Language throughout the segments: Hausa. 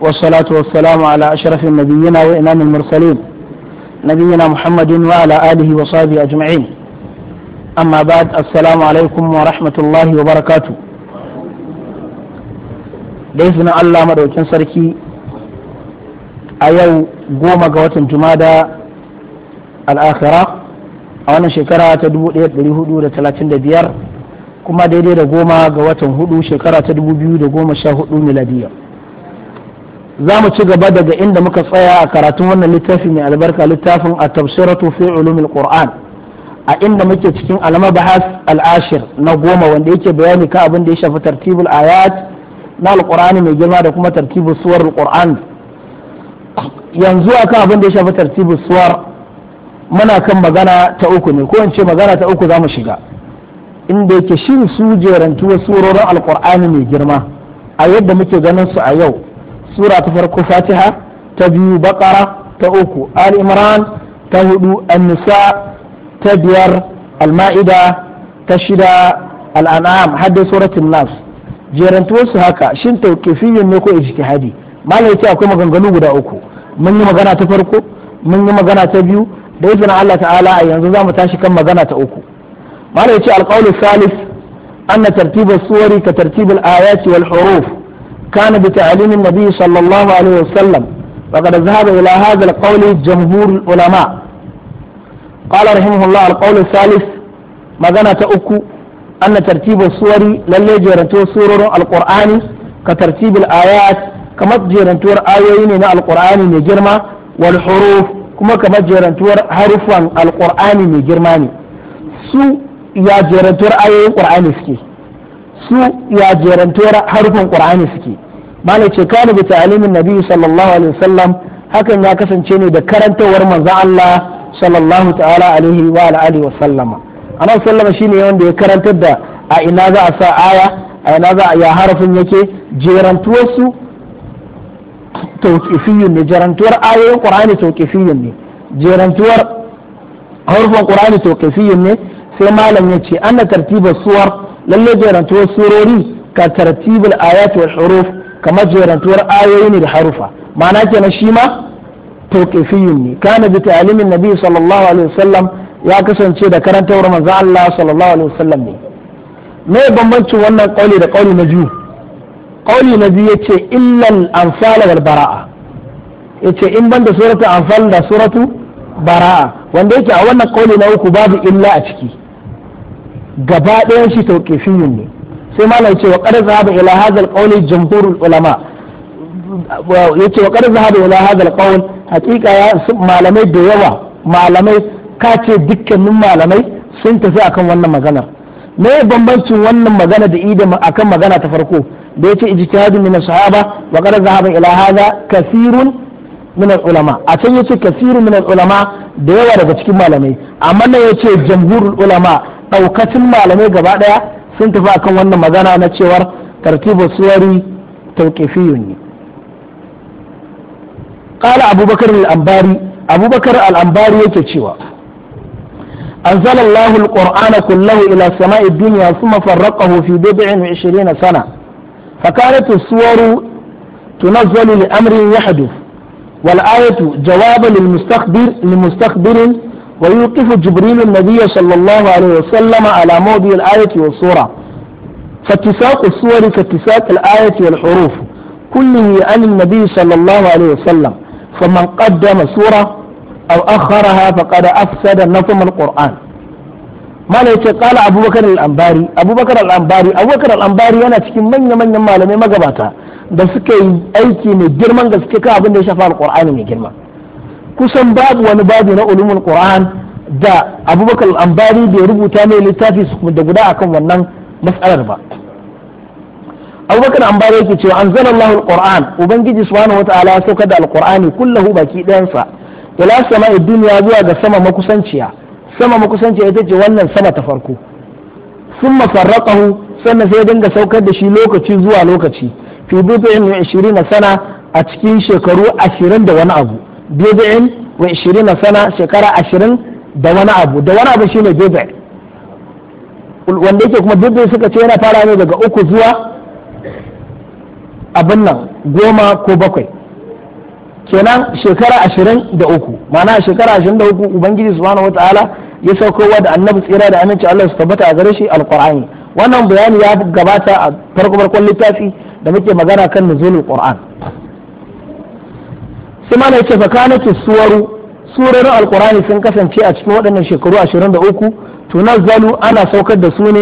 والصلاة والسلام على أشرف نبينا وإمام المرسلين نبينا محمد وعلى آله وصحبه أجمعين أما بعد السلام عليكم ورحمة الله وبركاته بإذن الله مدوكين سركي أيو قوم قوات جمادى الآخرة أنا شكرا تدبو إيه لهدو لتلاتين دبيار kuma daidai da goma ga watan hudu shekara ta dubu biyu da goma sha hudu miladiyya za mu ci gaba daga inda muka tsaya a karatun wannan littafi mai albarka littafin a tafsiratu fi ulumil qur'an a inda muke cikin almabahas al'ashir na goma wanda yake bayani ka abin da ya shafi tartibul ayat na alqur'ani mai girma da kuma tartibul suwar alqur'an yanzu akan abin da ya shafi tartibul suwar muna kan magana ta uku ne ko in ce magana ta uku za mu shiga inda yake shin su jerantu surorin alkur'ani mai girma a yadda muke ganin su a yau sura ta farko fatiha ta biyu bakara ta uku al-imran ta hudu an-nisa ta biyar al-ma'ida ta shida al-an'am har suratul nas jerantuwar su haka shin tawqifiyyin ne ko ijtihadi malai ce akwai maganganu guda uku mun yi magana ta farko mun yi magana ta biyu da izinin Allah ta'ala a yanzu za mu tashi kan magana ta uku mana yace alqawlu salis anna tartiba suwari ka tartibil ayati wal huruf kana bi ta'lim an-nabi sallallahu alaihi wasallam وقد ذهب إلى هذا القول جمهور العلماء قال رحمه الله القول الثالث مغنى تأكو أن ترتيب الصور للي جيرنتو سورة القرآن كترتيب الآيات كما جيرنتو آيين من القرآن من جرمى والحروف كما كما جيرنتو حرف القرآن من جرماني su ya jerantuwar ayoyin ƙur'ani suke su ya jerantuwar harfin qur'ani suke malai ce kana bi ta'alimin nabi sallallahu alaihi wasallam hakan ya kasance ne da karantawar manzon Allah sallallahu ta'ala alaihi wa alihi wa sallama annabi sallama shine wanda ya karantar da a ina za a sa aya a ina za a ya harafin yake jerantuwar su tawqifiyun ne jerantuwar ayoyin qur'ani tawqifiyun ne jerantuwar ne sai malam ya ce anna tartibar suwar lalle jerantuwar surori ka tartibul ayat wal huruf kama jerantuwar ayoyi ne da harufa ma'ana kenan shi ma tawqifiyun ne kana bi ta'limin nabi sallallahu alaihi wasallam ya kasance da karantawar manzo Allah sallallahu alaihi wasallam ne me bambancin wannan kauli da kauli na biyu kauli na biyu yace illal anfal wal bara'a yace in banda suratu anfal da suratu bara'a wanda yake a wannan kauli na uku babu illa a ciki gaba ɗayan shi tauqifiyun ne sai malam ce wa qad zahaba ila hadha alqawl jumhurul ulama yace wa qad zahaba ila hadha alqawl haqiqa ya malamai da yawa malamai kace dukkanin malamai sun tafi akan wannan maganar me bambancin wannan magana da ida akan magana ta farko da yace ijtihadun min sahaba wa qad zahaba ila hadha kathirun min ulama a can ya ce kathirun min ulama da yawa daga cikin malamai amma nan yace jamhurul ulama ɗaukacin malamai gaba ɗaya sun tafi akan wannan magana na cewar tartibu suwari tauqifiyun ne qala abubakar al-ambari abubakar al-ambari yake cewa أنزل الله القرآن كله إلى سماء الدنيا ثم فرقه في بضع وعشرين سنة فكانت الصور تنزل لأمر يحدث والآية جواب للمستخبر لمستخبر ويوقف جبريل النبي صلى الله عليه وسلم على موضع الآية والصورة فاتساق الصور كاتساق الآية والحروف كله عن النبي صلى الله عليه وسلم فمن قدم سورة أو أخرها فقد أفسد نظم القرآن ما قال أبو بكر الأنباري أبو بكر الأنباري أبو بكر الأنباري أنا cikin manya manyan malamai magabata da suka yi aiki mai girman gaske kan abin da ya shafa alƙur'ani mai girma kusan babu wani babu na ulumul qur'an da abubakar ambari bai rubuta mai littafi su da guda akan wannan matsalar ba abubakar ambari yake cewa zana Allahu alquran ubangiji subhanahu wataala ya saukar da alqur'ani kullahu baki ɗayansa ila sama'i duniya zuwa ga sama makusanciya sama makusanciya ita ce wannan sama ta farko summa farraqahu sannan sai dinga saukar da shi lokaci zuwa lokaci fi bi'in 20 sana a cikin shekaru ashirin da wani abu bid'in wa 20 sana shekara 20 da wani abu da wani abu shine bid'a wanda yake kuma bid'a suka ce yana fara ne daga uku zuwa abin nan goma ko bakwai kenan shekara ashirin da uku ma'ana shekara ashirin da uku ubangiji subhanahu wataala ya saukowa da annabi tsira da aminci Allah su tabbata a gare shi alqur'ani wannan bayani ya gabata a farko farkon littafi da muke magana kan nuzulul qur'an sai mana yake fa kana suwaru surorin alqur'ani sun kasance a cikin waɗannan shekaru 23 tunazzalu ana saukar da su ne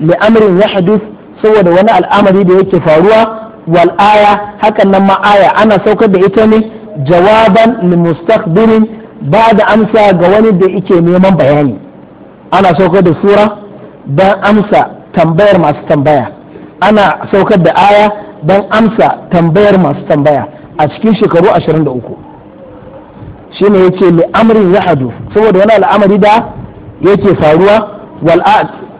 li amrin saboda wani al'amari da yake faruwa wal aya hakan nan ma aya ana saukar da ita ne jawaban li mustaqbilin ba da amsa ga wani da yake neman bayani ana saukar da sura dan amsa tambayar masu tambaya ana saukar da aya don amsa tambayar masu tambaya a cikin shekaru ashirin 23 shine ce li ya hadu saboda wani al'amari da yake faruwa wal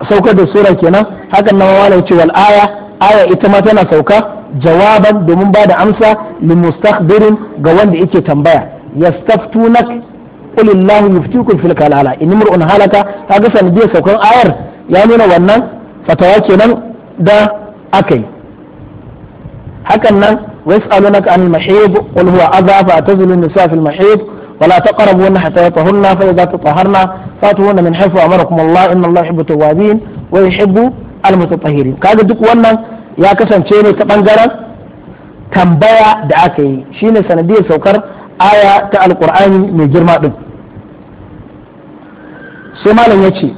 saukar da sura kenan hakan nan wala yace wal aya aya ita ma tana sauka jawaban domin ba da amsa li birin ga wanda yake tambaya yastaftunak qul illahu yuftikum fil kalala in imrun halaka kaga sanadiyar saukan ayar ya nuna wannan fatawa kenan da akai hakan nan yas'alunaka anil mahid qul huwa adha fa tazlu nisa ولا تقربون حتى يطهرن فإذا تطهرن فاتوهن من حيث أمركم الله إن الله يحب التوابين ويحب المتطهرين kaga duk wannan ya kasance ne ta bangaren tambaya da aka yi shine sanadiyar saukar aya ta alkur'ani mai girma din sai malam yace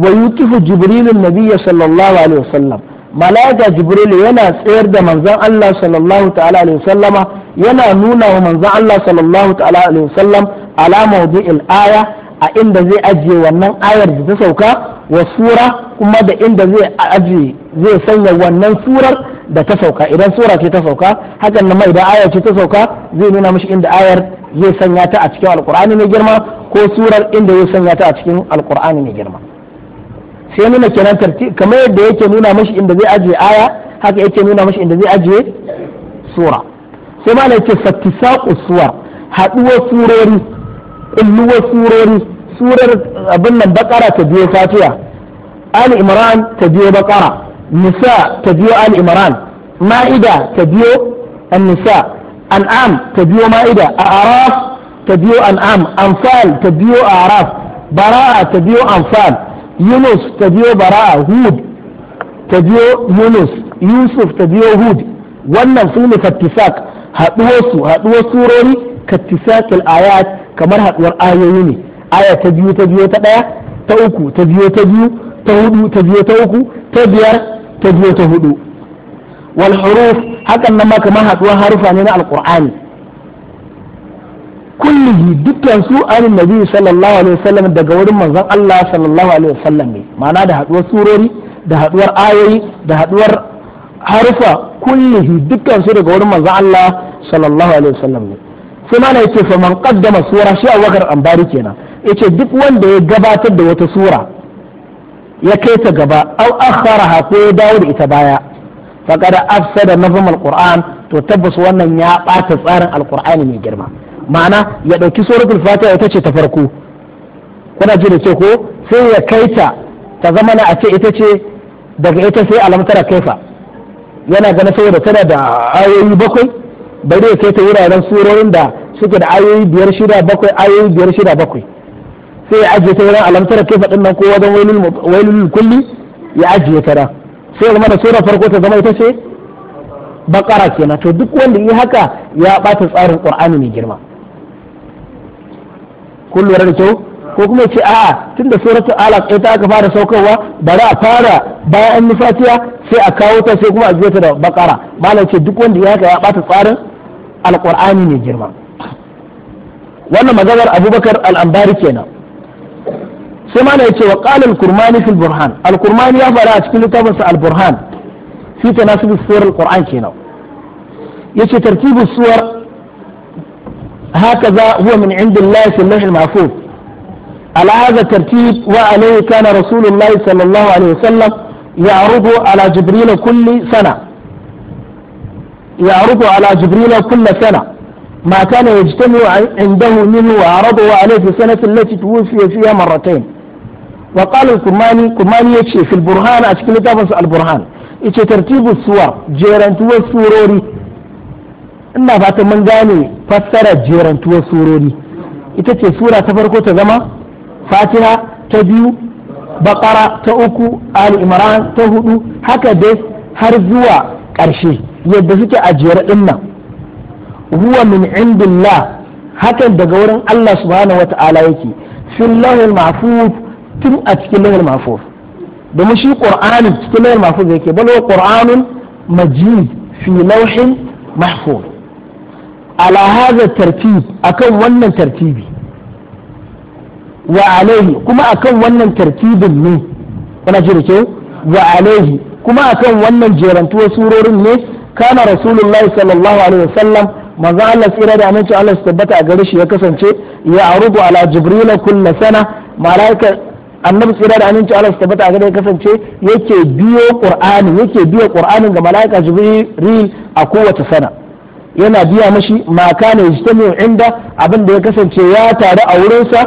wa yutifu nabi sallallahu alaihi mala'ika jibril yana tsayar da manzon Allah sallallahu ta'ala alaihi wasallama yana nuna wa manzon Allah sallallahu ta'ala alaihi wasallam ala mawdi'il aya a inda zai ajiye wannan ayar da ta sauka wa sura kuma da inda zai ajiye zai sanya wannan surar da ta sauka idan sura ce ta sauka hakan nan idan aya ce ta sauka zai nuna mishi inda ayar zai sanya ta a cikin alqur'ani mai girma ko surar inda zai sanya ta a cikin alqur'ani mai girma sai nuna kenan tartib kamar yadda yake nuna mashi inda zai ajiye aya haka yake nuna mashi inda zai ajiye sura sai ma yake fattisaqu suwar haduwar surori kulluwar surori surar abin nan bakara ta biyo fatiha ali imran ta biyo bakara nisa ta biyo ali imran ma'ida ta biyo an-nisa an'am ta biyo ma'ida a'raf ta biyo an'am anfal ta biyo a'raf bara'a ta biyo anfal yunus ta hud ta yusuf ta biyo hud wannan su ne kattisak haɗuwar surori kattisakil ayat kamar haɗuwar ayoyi ne aya ta biyu ta biyo ta ɗaya ta uku ta biyo ta biyu ta hudu ta biyar ta biyo ta wal huruf hakan ma kamar haɗuwar harufa ne na alƙur'ani kullihi dukkan su an nabi sallallahu alaihi wasallam daga wurin manzon Allah sallallahu alaihi wasallam ne ma'ana da haduwar surori da haduwar ayoyi da haduwar harfa kullihi dukkan su daga wurin manzon Allah sallallahu alaihi wasallam ne sai mana yace fa man qaddama sura shi Abubakar Ambari kenan yace duk wanda ya gabatar da wata sura ya kai ta gaba aw akharaha ko ya dawo da ita baya faqad afsada nafhum alquran to tabbas wannan ya bata tsarin alqur'ani mai girma ma'ana ya ɗauki suratul fatiha ita ce ta farko kuna ji da ko sai ya kai ta ta zama na a ce ita ce daga ita sai alamtara kaifa yana gana saboda tana da ayoyi bakwai bari ya kai ta wuraren surorin da suke da ayoyi biyar shida bakwai ayoyi biyar shida bakwai sai ya ajiye ta wurin alamtara kaifa din nan ko wajen wailul kulli ya ajiye ta da sai zama da sura farko ta zama ita ce bakara kenan to duk wanda yi haka ya bata tsarin qur'ani mai girma kun lura da kyau ko kuma ce a'a tunda suratu alaq ita aka fara saukarwa bari a fara bayan an nufatiya sai a kawo ta sai kuma a zuwa ta da bakara malam ce duk wanda ya haka ya bata tsarin alqur'ani ne girma wannan maganar abubakar ambari kenan sai mana ya ce wa ƙalin kurmani fil burhan al-kurmani ya fara a cikin littafinsa al-burhan fi tanasib suwar al-qur'an kenan yace tartibu suwar هكذا هو من عند الله في اللوح المحفوظ على هذا الترتيب وعليه كان رسول الله صلى الله عليه وسلم يعرض على جبريل كل سنة يعرض على جبريل كل سنة ما كان يجتمع عنده منه وعرضه عليه في السنة التي توفي فيها مرتين وقال الكرماني كرماني يكشي في البرهان أشكل البرهان يكشي ترتيب الصور جيران السوروري ina fatan mun gane fassarar jerantuwar surori ita ce sura ta farko ta zama fatiha ta biyu bakara ta uku ali imran ta hudu haka dai har zuwa ƙarshe yadda suke a jere din nan huwa min indillah hakan daga wurin Allah subhanahu wata'ala yake fil lahul mahfuz tun a cikin lahul mahfuz domin shi qur'ani cikin lahul mahfuz yake bal qur'anun majid fi lawhin mahfuz ala hadha tartib akan wannan tartibi wa alaihi kuma akan wannan tartibin ne kuna ji da wa alaihi kuma akan wannan jerantuwar surorin ne kana rasulullahi sallallahu alaihi wasallam manzo Allah tsira da aminci Allah su tabbata a gare shi ya kasance ya arudu ala jibril kulla sana malaika annabi tsira da aminci Allah su tabbata a gare ya kasance yake biyo qur'ani yake biyo qur'anin ga malaika jibril a kowace sana yana biya mashi ma kana yajtami'u inda abin da ya kasance ya taru a wurinsa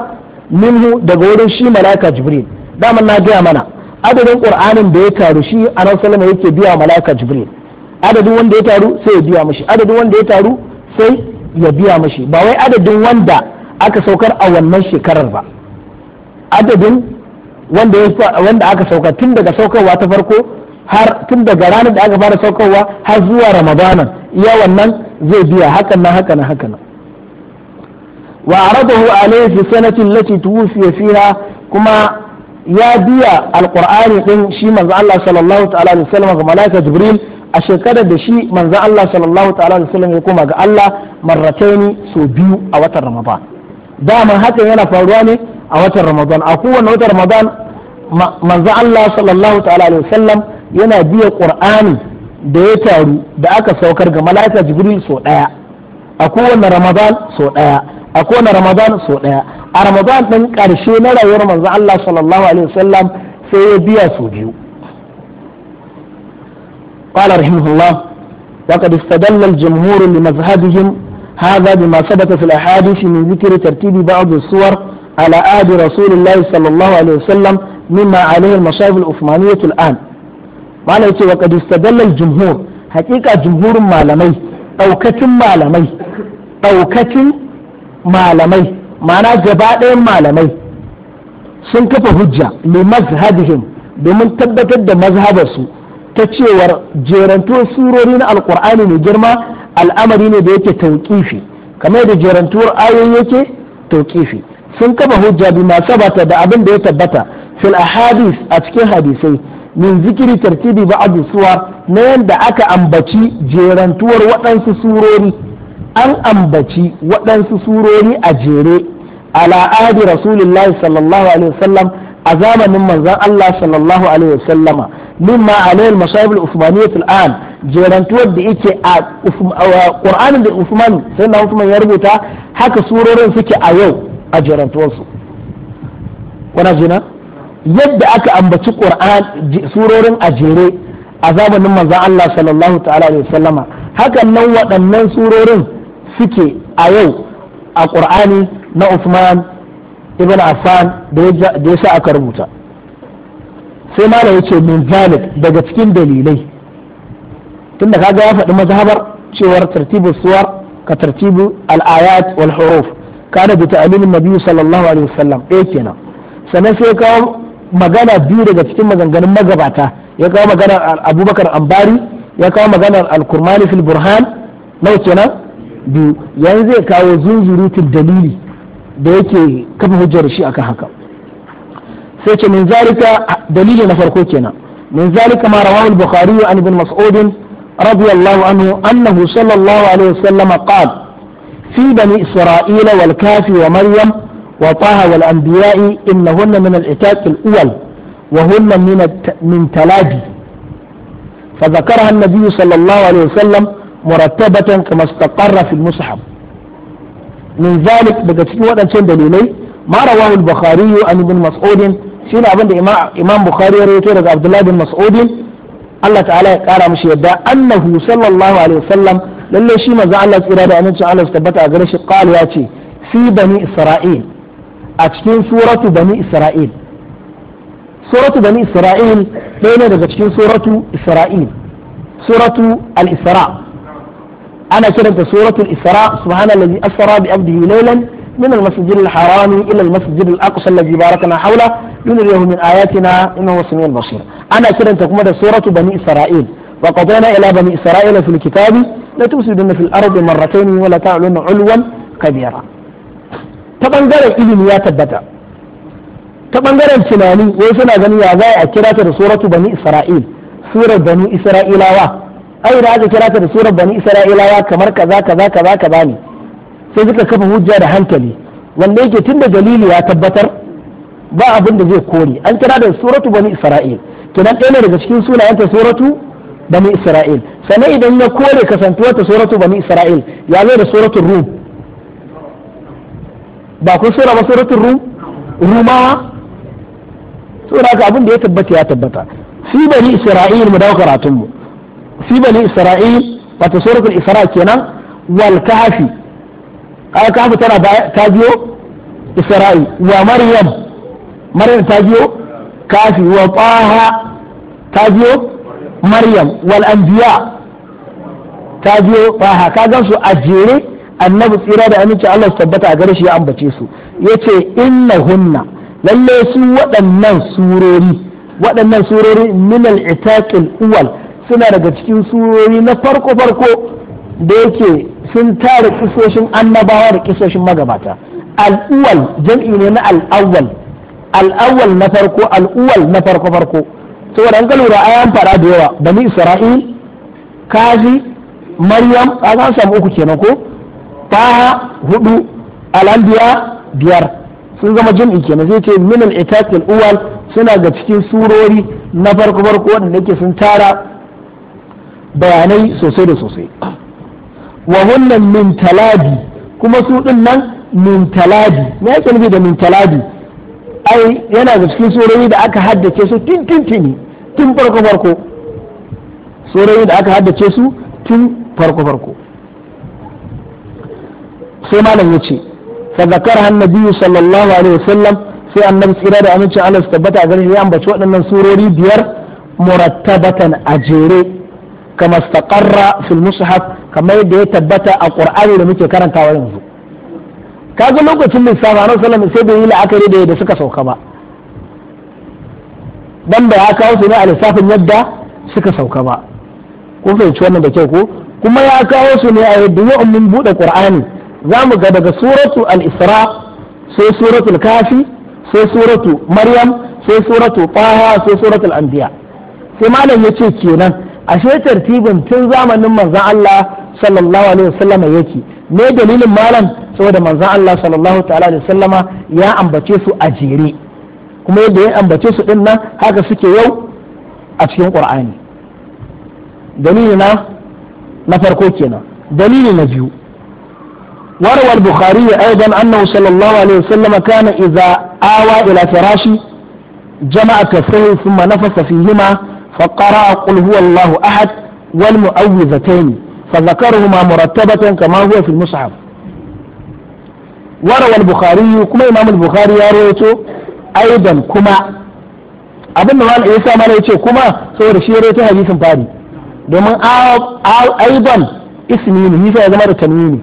minhu daga wurin shi malaka jibril daman na gaya mana adadin qur'anin da ya taru shi anan sallama yake biya malaka jibril adadin wanda ya taru sai ya biya mashi adadin wanda ya taru sai ya biya mashi ba wai adadin wanda aka saukar a wannan shekarar ba adadin wanda wanda aka saukar tun daga saukarwa ta farko har tun daga ranar da aka fara saukarwa har zuwa ramadanan iya wannan zai biya hakan na hakan na hakan wa aradahu alayhi fi sanati allati tuwfiya fiha kuma ya biya alqur'ani din shi manzo Allah sallallahu ga malaika jibril a shekarar da shi manzo Allah sallallahu ya koma ga Allah marrataini so biyu a watan ramadan dama hakan yana faruwa ne a watan ramadan a kowane watan ramadan manzo Allah yana biya ƙur'ani. da ya taru da aka saukar ga mala'ika jibril so daya a kowane ramadan so daya a kowane ramadan so daya a ramadan din karshe na rayuwar manzon Allah sallallahu alaihi wasallam sai ya biya su biyu قال رحمه الله وقد استدل الجمهور لمذهبهم هذا بما ثبت في الأحاديث من ذكر ترتيب بعض الصور على عهد رسول الله صلى الله عليه وسلم مما عليه المصائب العثمانية الآن malam ce wa qad istadalla jumhur jumhurin malamai daukacin malamai daukacin malamai ma'ana gaba ɗayan malamai sun kafa hujja mai mazhabihim domin tabbatar da mazhabarsu ta cewar jerantuwar surori na alkur'ani mai girma al'amari ne da yake tauƙifi kamar da jerantuwar ayoyi yake tauƙifi sun kafa hujja bi masabata da abin da ya tabbata fil ahadis a cikin hadisai min zikiri tartibi ba suwar na yanda aka ambaci jerantuwar waɗansu surori an ambaci waɗansu surori a jere ala adi rasulullahi sallallahu alaihi wasallam a zamanin manzon Allah sallallahu alaihi wasallama mimma alayhi masahib al-uthmaniyyah al-an jerantuwar da yake a Qur'anin da usman sai na usman ya rubuta haka surorin suke a yau a su wana jina yadda aka ambaci qur'an surorin ajere a zamanin manzon Allah sallallahu ta'ala alaihi wasallama hakan nan waɗannan surorin suke a yau a qur'ani na Uthman ibn Affan da ya sa aka rubuta sai malam yace min zalik daga cikin dalilai tunda kaga ya faɗi mazhabar cewar tartibu suwar ka tartibu al-ayat wal huruf kana bi ta'limin nabi sallallahu alaihi wasallam eh kenan sannan sai kawo magana biyu daga cikin maganganun magabata ya kawo maganar abubakar ambari ya kawo maganar alkurmani fil burhan nau kenan biyu yanzu zai kawo zunzurutun dalili da yake kafa hujjar shi akan haka sai ce min zalika dalili na farko kenan min zalika ma rawahu al-bukhari an ibn mas'ud radiyallahu anhu annahu sallallahu alaihi wasallam qala fi bani isra'ila wal kafi wa maryam وطه والأنبياء إنهن من العتاق الأول وهن من من تلاجي فذكرها النبي صلى الله عليه وسلم مرتبة كما استقر في المصحف من ذلك بقتل وأنشان دليلي ما رواه البخاري عن ابن مسعود شين أبن إمام بخاري ريتور عبد الله بن مسعود الله تعالى قال مش يدى أنه صلى الله عليه وسلم للي شي ما زعل الله إرادة أن الله استبتع قال ياتي في بني إسرائيل a cikin suratu bani isra'il suratu bani isra'il ɗaya ne daga cikin suratu isra'il suratu al-isra ana kiranta suratu isra subhanallazi asra bi abdihi laylan min al-masjid al-harami ila al-masjid al-aqsa allazi barakna hawla lunuriyahu min ayatina innahu samiyyun basir ana kiranta kuma da suratu bani isra'il wa qadayna ila bani isra'il fil kitabi la tusidunna fil ardi marratayn wa la ta'lunna 'ulwan kabira ta bangaren ilimi ya tabbata ta bangaren tunani wai suna ganin ya za a kira ta da suratu bani isra'il surar bani isra'ilawa ai da aka kira ta da surar bani isra'ilawa kamar kaza kaza kaza kaza ne sai suka kafa hujja da hankali wanda yake tunda dalili ya tabbatar ba abin da zai kore an kira da suratu bani isra'il kenan ɗaya ne daga cikin sunayenta suratu bani isra'il sannan idan ya kore kasantuwar ta suratu bani isra'il ya zai da suratu rum ba kun sura ba suratul rum rumawa sura ka abin da ya tabbata ya tabbata fi bani isra'il mu dawo karatun mu fi bani isra'il wato suratul isra kenan wal kahfi ay kahfi tana ta biyo isra'il wa maryam maryam ta biyo kafi wa taha ta biyo maryam wal anbiya ta biyo taha ka gan su a jere annabi tsira da aminci Allah su tabbata a gare shi ya ambace su yace hunna lalle su waɗannan surori waɗannan surori minal itakil uwal suna daga cikin surori na farko farko da yake sun tare kisoshin annabawa da kisoshin magabata al jam'i ne na al-awwal al-awwal na farko al na farko farko saboda an da ayan fara da yawa bani isra'il kazi maryam a samu uku kenan ko taha hudu al'anbiya biyar sun zama jam'i kenan zai ce min al uwal suna ga cikin surori na farko farko wanda nake sun tara bayanai sosai da sosai wa hunnan min kuma su din nan min talabi me yake nufi da min ai yana ga cikin surori da aka haddace su tun tun tun farko farko surori da aka haddace su tun farko farko sai malam ya ce fa zakara annabi sallallahu alaihi wasallam sai annabi tsira da amincin Allah su tabbata gare shi ya ambaci waɗannan surori biyar murattabatan a jere kama istaqarra fil mushaf kamar yadda ya tabbata a qur'ani da muke karantawa yanzu kaga lokacin lissafa annabi sallallahu sai bai yi la'akari da yadda suka sauka ba dan da ya kawo su ne a lissafin yadda suka sauka ba ko fahimci wannan da kyau ko kuma ya kawo su ne a yadda yau mun buɗe qur'ani za mu ga daga suratu al-isra sai suratul kafi sai suratu maryam sai suratu taha sai suratul anbiya sai malam ya yace kenan ashe tartibin tun zamanin manzon Allah sallallahu alaihi wasallama yake me dalilin malam saboda manzon Allah sallallahu alaihi wasallama ya ambace su a jere kuma yadda ya ambace su din nan haka suke yau a cikin qur'ani dalili na na farko kenan dalili na biyu وروى البخاري أيضا أنه صلى الله عليه وسلم كان إذا آوى إلى فراشه جمع كفيه ثم نفث فيهما فقرأ قل هو الله أحد والمؤوذتين فذكرهما مرتبة كما هو في المصحف وروى البخاري كما إمام البخاري يرويته أيضا كما abin da malam isa mana yace kuma saboda shi ya ta hadisin fari domin aidan ismi ne nisa ya zama da tanwini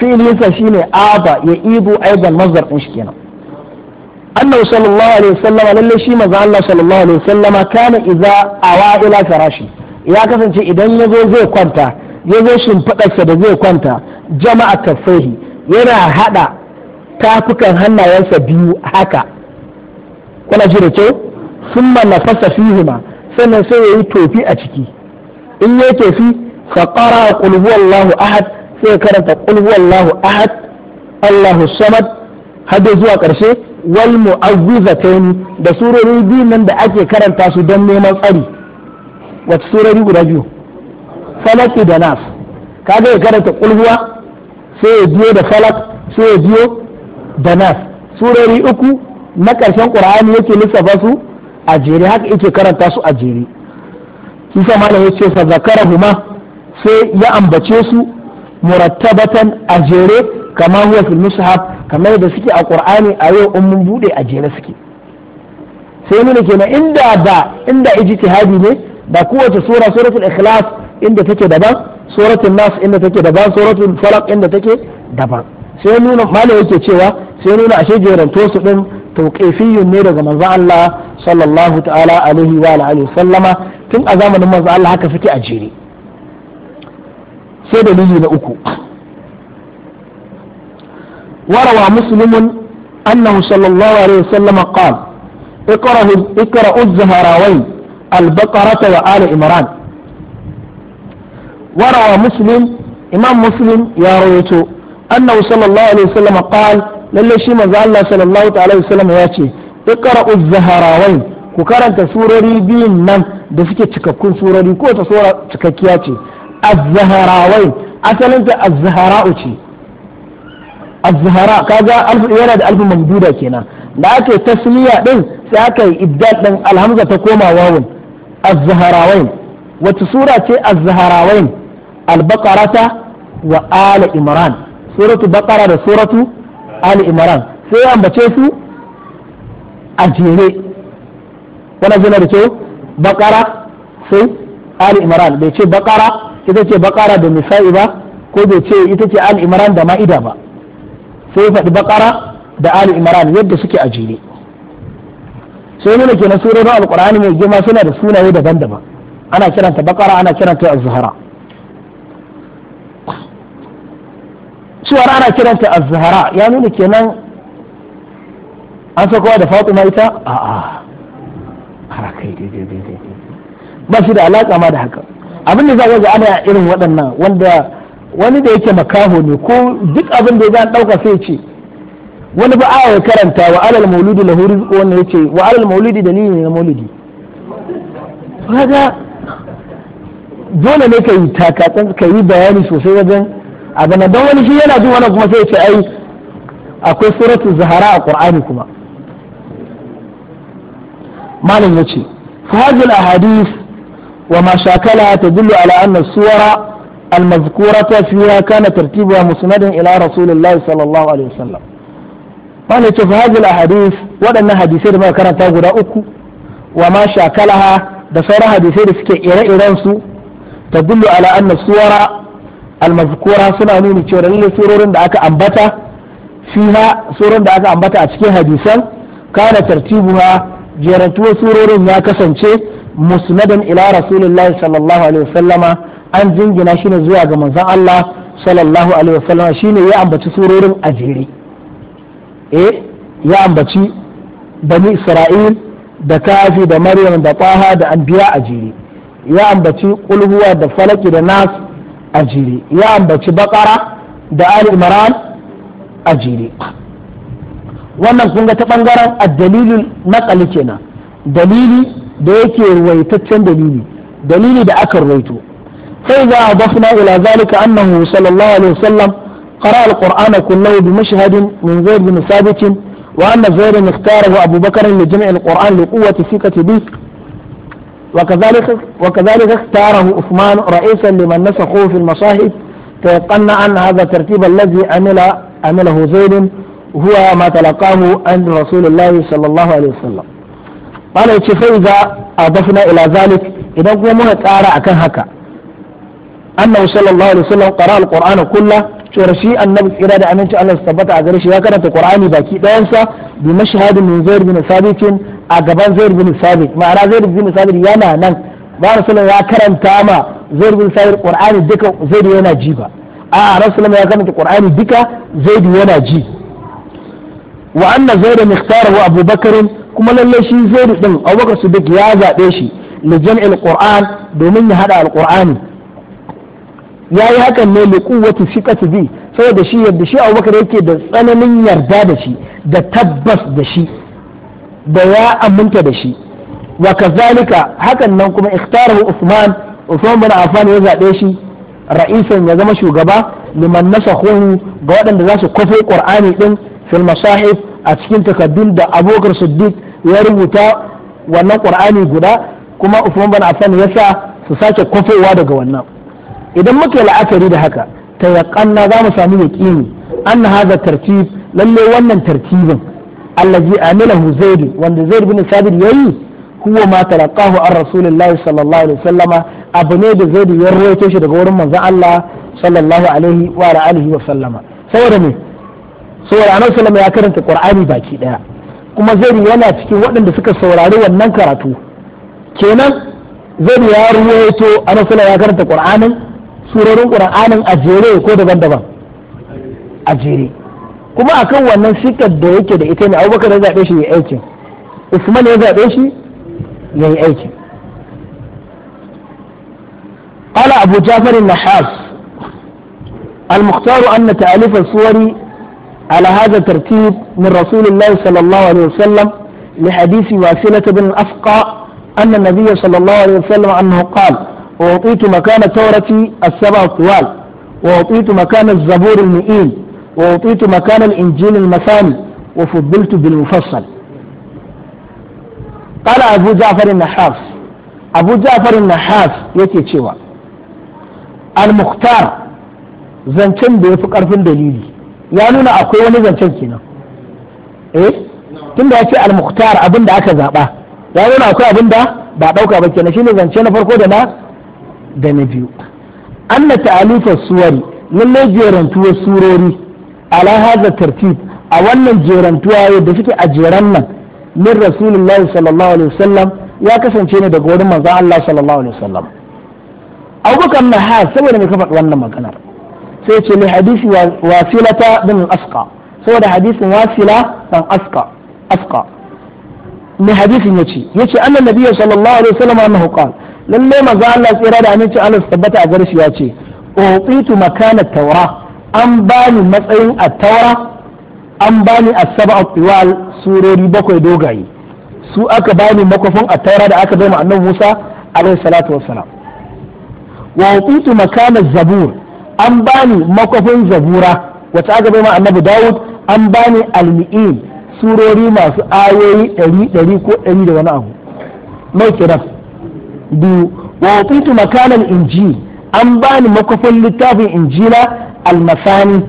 filinsa shine aba ya ibu aizan mazar ɗin shi kenan annahu sallallahu alaihi wasallama lalle shi manzo Allah sallallahu alaihi wasallama kana awa ila farashi ya kasance idan yazo zai kwanta zo shimfiɗarsa da zai kwanta jama'a kafaihi yana haɗa tafukan hannayensa biyu haka kuna ji da kyau summa fasa fihima sannan sai yayi tofi a ciki in ya tofi fa qara qul huwallahu ahad sai karanta qul wallahu ahad Allahu samad har zuwa karshe wal mu'awwizatayn da surori biyu nan da ake karanta su don neman tsari wata surori guda biyu falaki da nas kaga ya karanta huwa sai ya biyo da falak sai ya biyo da nas surori uku na ƙarshen ƙur'ani yake lissafa su a jere haka yake karanta su a jere kisa malam ya ce fa zakarahuma sai ya ambace su murattabatan a jere kamar huwa fil mushaf kamar da suke a qur'ani a yau in mun bude a jere suke sai nuna kenan inda ba inda ijtihadi ne ba kowace sura suratul ikhlas inda take daban suratul nas inda take daban suratul falaq inda take daban sai nuna malai yake cewa sai nuna ashe jeran tosu din tauqifiyun ne daga manzon Allah sallallahu ta'ala alaihi wa alihi sallama tun a zamanin manzon Allah haka suke a jere sai dalili na uku وروى مسلم أنه صلى الله عليه وسلم قال اقرأوا اقرأوا الزهراوين البقرة وآل عمران وروى مسلم إمام مسلم يا رويته أنه صلى الله عليه وسلم قال للي شيما الله صلى الله عليه وسلم ياتي اقرأوا الزهراوين ku karanta surori biyun nan da suke cikakkun surori ko ta sura cikakkiya ce az-zaharawai asalin ta az-zahara'u ce az-zahara kaga alfu yana da alfu mamduda kenan da aka yi tasmiya din sai aka yi ibdal din alhamza ta koma wawun az-zaharawain wata sura ce az-zaharawain al wa ala imran suratu baqara da suratu ala imran sai ya ambace su a jere wannan zina da bakara sai ali imran bai ce baqara ita ce bakara da nisa'i ba ko bai ce ita ce al imran da ma'ida ba sai ya faɗi bakara da al imran yadda suke a jere sai nuna kenan surorin alkur'ani mai girma suna da sunaye daban-daban ana kiranta bakara ana kiranta az-zuhara cewar ana kiranta az-zuhara ya nuna kenan an sakowa da fatima ita a'a har kai daidai ba shi da alaƙa ma da haka abin da za ga ana irin waɗannan wanda wani da yake makaho ne ko duk abin da zan ɗauka sai ce wani ba aya karanta wa alal mauludi lahu rizqu wannan yace wa alal mauludi dalili ne na mauludi kaga dole ne kai takatsan ka yi bayani sosai wajen abin da wani shi yana jin wannan kuma sai ce ai akwai suratul zahara a qur'ani kuma malam yace fa hadhihi al وما شاكلها تدل على أن الصور المذكورة فيها كان ترتيبها مسندا إلى رسول الله صلى الله عليه وسلم قال في هذه الأحاديث وأن حديثين ما كانت تقول أكو وما شاكلها دسورة حديثين سكي إيرا إيرانسو تدل على أن الصور المذكورة سنة نوني تشيرين سورة دعاك أنبتا فيها سورة دعاك أنبتا أتكي حديثا كان ترتيبها jerantuwar surorin ya kasance musnadan ila rasulullahi sallallahu alaihi wasallama an jingina shi ne zuwa ga manzon Allah sallallahu alaihi wasallama shine ya ambaci surorin ajiri eh ya ambaci bani isra'il da kafi da maryam da qaha da anbiya ajiri ya ambaci kulhuwa da falaki da nas ajere ya ambaci baƙara da ali imran ajere wannan kun ga ta bangaren addalilul naqali kenan dalili da yake ruwaitaccen dalili dalili da aka ruwaito sai za a dafna ila zalika annahu sallallahu alaihi wasallam qara alqur'ana kullahu bi mashhadin min zayd bin sabit wa anna zayd ikhtarahu abu bakr li jam' alqur'an li quwwati thiqati bi وكذلك وكذلك اختاره عثمان رئيسا لمن نسخوه في المصاحف فيقن أن هذا الترتيب الذي عمل عمله زيد هو ما تلقاه عن رسول الله صلى الله عليه وسلم ya ce sai ga dafina ila zalik idan kuma muka kara akan haka annabi sallallahu alaihi wasallam qara alqur'ana kullah to shi annabi tsira da aminci Allah su tabbata a gare shi ya karanta qur'ani baki ɗayansa bi mashhadin min zaid bin sabit a gaban zaid bin sabit ma'ana zaid bin sabit yana nan ba rasulullah ya karanta ma zaid bin sabit qur'ani duka zaid yana ji ba a rasulullah ya karanta qur'ani duka zaid yana ji wa anna zaid ikhtarahu Abubakar. kuma lallai shi zai din abubakar duk ya zaɓe shi li jam'il qur'an domin ya haɗa alqur'ani ya yi hakan ne li shi thiqati bi saboda shi yadda shi a abubakar yake da tsananin yarda da shi da tabbas da shi da ya aminta da shi wa kazalika hakan nan kuma ikhtarahu usman usman bin affan ya zaɓe shi ra'isan ya zama shugaba liman nasakhuhu ga waɗanda za su kwafe qur'ani din fil masahif a cikin takaddun da abokar siddiq ya rubuta wannan qur'ani guda kuma Uthman bin Affan ya sa su sake kofowa daga wannan idan muka la'akari da haka tayaqqanna za mu samu yaqini anna hadha tartib lalle wannan tartibin allazi amilahu zaid wanda zaid bin sabit yayi huwa ma talaqahu an rasulillahi sallallahu alaihi wasallama abu ne da zaid ya rawaito shi daga wurin manzon Allah sallallahu alaihi wa alihi wa sallama saboda me saboda annabi sallallahu alaihi wasallam ya karanta qur'ani baki daya kuma zari yana cikin waɗanda suka saurari wannan karatu kenan zari ya ruwaito anasala ya karanta ƙur'anin surorin ƙur'anin a jere ko daban-daban a jere kuma akan wannan sikar da yake da ita ne abubakar ya zaɓe shi ya aikin usman ya zaɓe shi ya yi aikin قال أبو جعفر النحاس المختار أن تأليف الصور على هذا الترتيب من رسول الله صلى الله عليه وسلم لحديث واسلة بن أفقى أن النبي صلى الله عليه وسلم أنه قال وأعطيت مكان التوراة السبع الطوال وأعطيت مكان الزبور المئين وأعطيت مكان الإنجيل المثاني وفضلت بالمفصل قال أبو جعفر النحاس أبو جعفر النحاس يتي تشوى المختار زنتم بيفكر في الدليل ya nuna akwai wani zancen kenan eh da ya ce al-mukhtar abin da aka zaɓa ya nuna akwai abin da ba ɗauka ba kenan shine zance na farko da na da na biyu anna ta'alifa suwari lalle surori ala hadha tartib a wannan jerantuwa yadda suke a jeran nan min rasulullahi sallallahu alaihi wasallam ya kasance ne daga wurin manzon Allah sallallahu alaihi wasallam abubakar na ha saboda me ka faɗi wannan maganar sai ce li hadisi wasilata bin asqa saboda hadisin wasila dan asqa asqa ne hadisin yace yace annan nabiyyu sallallahu alaihi wasallam annahu qala lalle manzo Allah tsira da aminci Allah tabbata a garshi yace uqitu makana tawra an bani matsayin a taura an bani as-sab'a tiwal surori bakwai dogaye su aka bani makofin a taura da aka bai ma annabi Musa alaihi salatu wassalam wa uqitu makana zabur an bani makwafin zabura wacce aka bai ma annabi dawud an bani almi'in surori masu ayoyi ɗari ɗari ko ɗari da wani abu mai kira du wa wakitu makanan inji an bani makwafin littafin injina almasani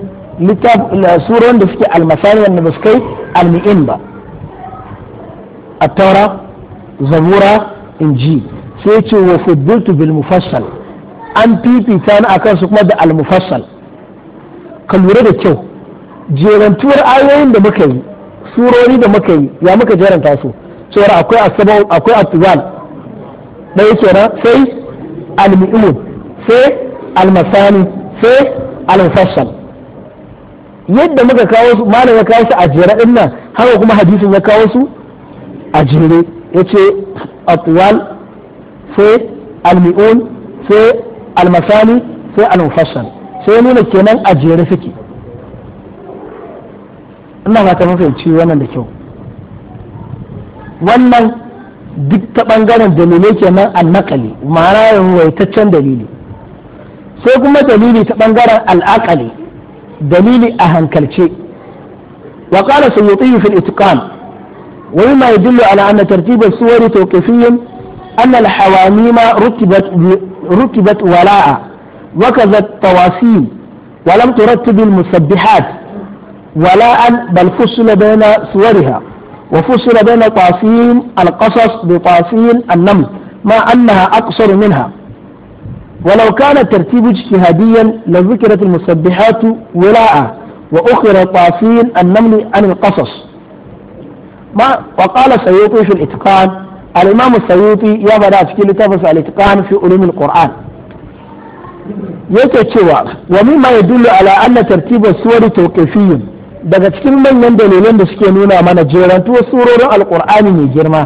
surorin da suke almasani wanda ba su kai almi'in ba a taura zabura inji sai ce wa fuddiltu bil mufassal an fifita ni akan su kuma da al-mufassal ka lura da kyau jerantuwar ayoyin da muka yi surori da muka yi ya muka jeranta su cewar akwai asabau akwai atuzal ɗaya kenan sai al-mu'min sai al-masani sai al-mufassal yadda muka kawo su malam ya kawo su a jere din nan haka kuma hadisin ya kawo su a jere yace atwal sai al-mu'min sai almasali sai almufassal sai nuna kenan a jere suke ina fata mafahimci wannan da kyau wannan duk ta ɓangaren dalilai kenan a nakali ma'ana yawaitaccen dalili sai kuma dalili ta ɓangaren al'akali dalili a hankalce wa qala sayyidi fil itqan wa ma yadullu ala anna tartiba suwari tawqifiyyin أن الحواميم رتبت رتبت ولاء وكذا التواصيل ولم ترتب المسبحات ولاء بل فصل بين صورها وفصل بين طاسيم القصص بطاسيم النمل مع أنها أقصر منها ولو كان الترتيب اجتهاديا لذكرت المسبحات ولاء وأخر طاسيم النمل عن القصص ما وقال سيوطي في الإتقان al-imam sayyuti ya a cikin littafin al-itqan fi yake cewa wa mimma yadullu ala anna tartiba suwar tawqifiyyun daga cikin manyan dalilan da suke nuna mana jerantuwar surorin alqur'ani mai girma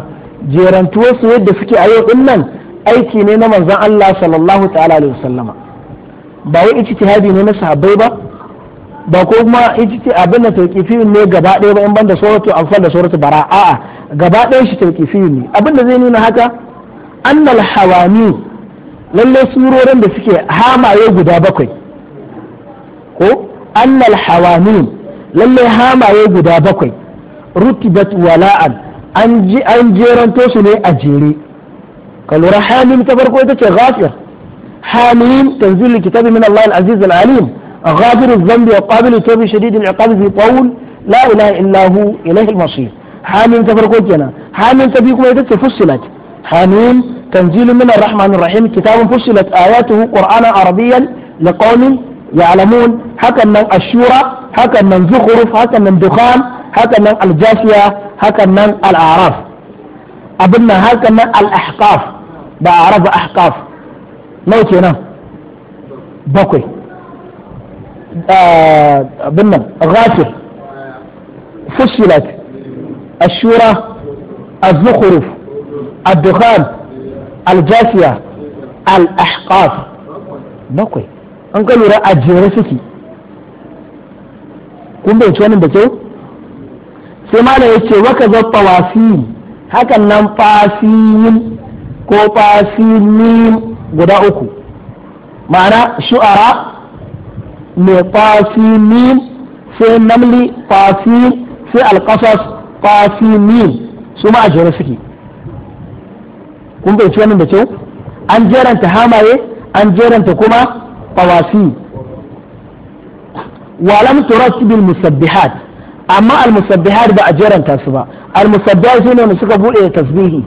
jerantuwar su yadda suke a yau nan aiki ne na manzon Allah sallallahu ta'ala alaihi wasallama ba wai ijtihadi ne na sahabbai ba ba ko kuma ijti abin da tawqifiyyun ne gaba ɗaya ba in banda suratu anfal da suratu bara a'a gaba ɗaya shi tauƙifiyu ne abin da zai nuna haka annal hawami lalle surorin da suke hamaye guda bakwai ko annal lallai lalle hamaye guda bakwai rutibat wala'an an jeranto su ne a jere kalura lura hamim ta farko ita ce ghafir hamim tanzilu kitabi min Allah al-aziz al-alim غافر الذنب وقابل التوب شديد العقاب ذي طول لا اله الا حاميم تفرقوا كنا حاميم تبيكم ايدك فصلت حاميم تنزيل من الرحمن الرحيم كتاب فصلت آياته قرآنا عربيا لقوم يعلمون حكى من الشورى حكى من زخرف حكى من دخان حكى من الجاسية حكى من الأعراف ابن حكى من الأحقاف بأعراف أحقاف نوت هنا بكوي آه، ابن غاسر فصلت الشورى الزخرف الدخان الجاسية الأحقاف a jere suke kun sai malam ya ce waka zaffa wasi hakan nan fasiyin guda uku ma'ana shu'ara sai namli sai qasimin su ma a suke kun bai wannan da kyau an jeranta hamaye an jeranta kuma qawasi walam turattibil musabbihat amma al musabbihat ba a jeranta su ba al musabbihat sune wanda suka bude tasbihi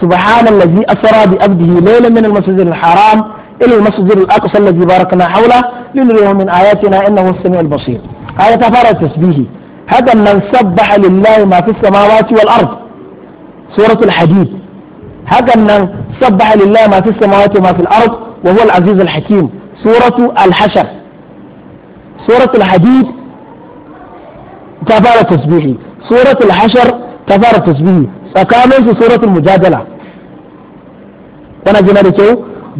subhanallazi asra bi abdihi laylan min al masjidil haram إلى المسجد الأقصى الذي باركنا حوله لنريه من آياتنا إنه السميع البصير آية فارة تسبيحي hakan nan sabbaha lillahi ma fi samawati wal ard suratul hadid hakan nan sabbaha lillahi ma fi samawati ma fil ard wa huwa al aziz suratu al hashr tasbihi suratul hashr ta fara tasbihi tsakanin su mujadala kana jina da kyau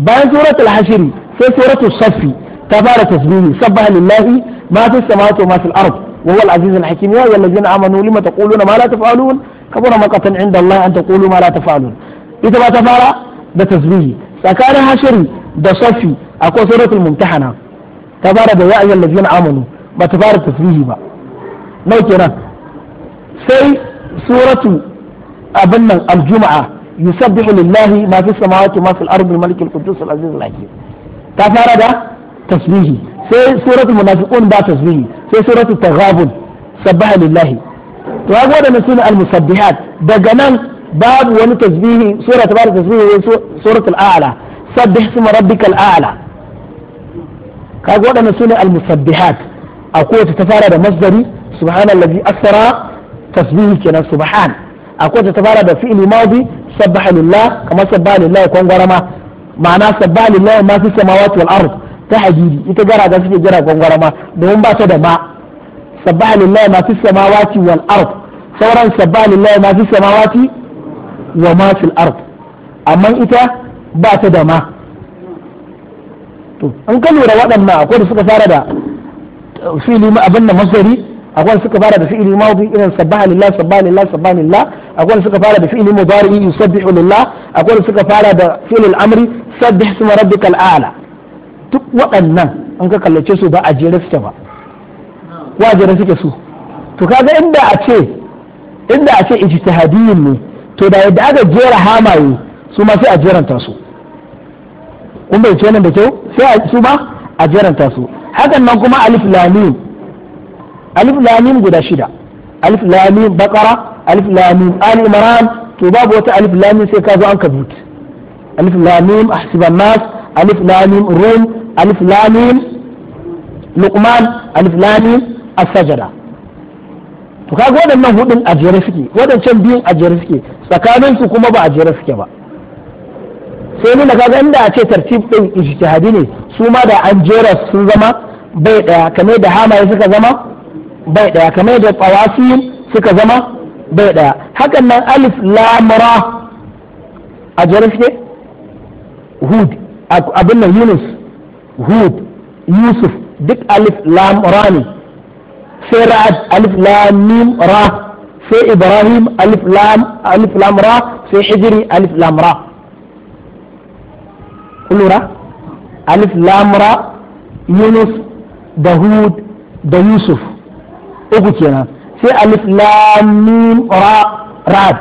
bayan suratul hashiri sai suratu safi ta fara tasbihi sabbaha lillahi ma fi وهو العزيز الحكيم يا أيها الذين آمنوا لما تقولون ما لا تفعلون كبر مقتا عند الله أن تقولوا ما لا تفعلون إذا ما تفعل ده تسبيه سكان هشري ده صفي أكو سورة الممتحنة تبارك يا أيها الذين آمنوا ما تفعل تسبيه بقى nau kenan sai suratu abin nan aljuma'a yusabbihu lillahi ma fi samawati ma fil ardi malikil qudus al aziz al hakim ta fara da tasbihi sai suratul munafiqun ba tasbihi sai suratul taghabun sabbaha lillahi to ga wadannan sunan al-musabbihat daga nan babu wani tasbihi sura ta bada tasbihi suratul a'la sabbih isma rabbikal a'la kaga wadannan sunan al-musabbihat akwai ta fara da masdari subhanallazi asra tasbihi kenan subhan akwai ta fara da fi'li sabbaha lillah kamar sabbaha lillah ma'ana sabbaha lillah ma fi samawati wal ta hadidi ita gara ga suke gara gwangwarama domin ba ta da ma sabbaha lillahi ma fis samawati wal ard sauran sabbaha lillahi ma fis samawati wa ma fil ard amma ita ba ta da ma to an ka lura waɗannan akwai da suka fara da fili ma abin da masdari akwai da suka fara da fi'ili madi irin sabbaha lillah sabbaha lillah sabbaha lillah akwai da suka fara da fi'ili mudari yusabbihu lillah akwai da suka fara da fi'il al-amri sabbih isma rabbikal a'la duk waɗannan an ka kallace su ba a jere suke ba ko jere suke su to kaga inda a ce inda a ce ijtihadiyyin ne to da yadda aka jera hamaye su ma sai a jeranta su kun bai ce nan da kyau sai su ma a jeranta su hakan nan kuma alif lamim alif lamim guda shida alif lamim bakara alif lamim ali imran to babu wata alif lamim sai ka zo an kabut alif lamim ahsiban nas alif lamim rum alif lamim luqman alif lamim as to kaga waɗannan hudun a suke waɗancan biyun ajiyar suke tsakanin su kuma ba a jere suke ba sai nuna kaga inda a ce tartib din ijtihadi ne su ma da an jera sun zama bai daya kamar da hamaye suka zama bai daya kamar da qawasi suka zama bai daya hakan nan alif lamra a suke hud abin nan yunus hud yusuf duk alif lam ra ne sai ra'ad alif lam mim ra sai ibrahim alif lam alif lam ra sai hijri alif lam ra kulura alif lam ra yunus da hud da yusuf uku kenan sai alif lam mim ra ra'ad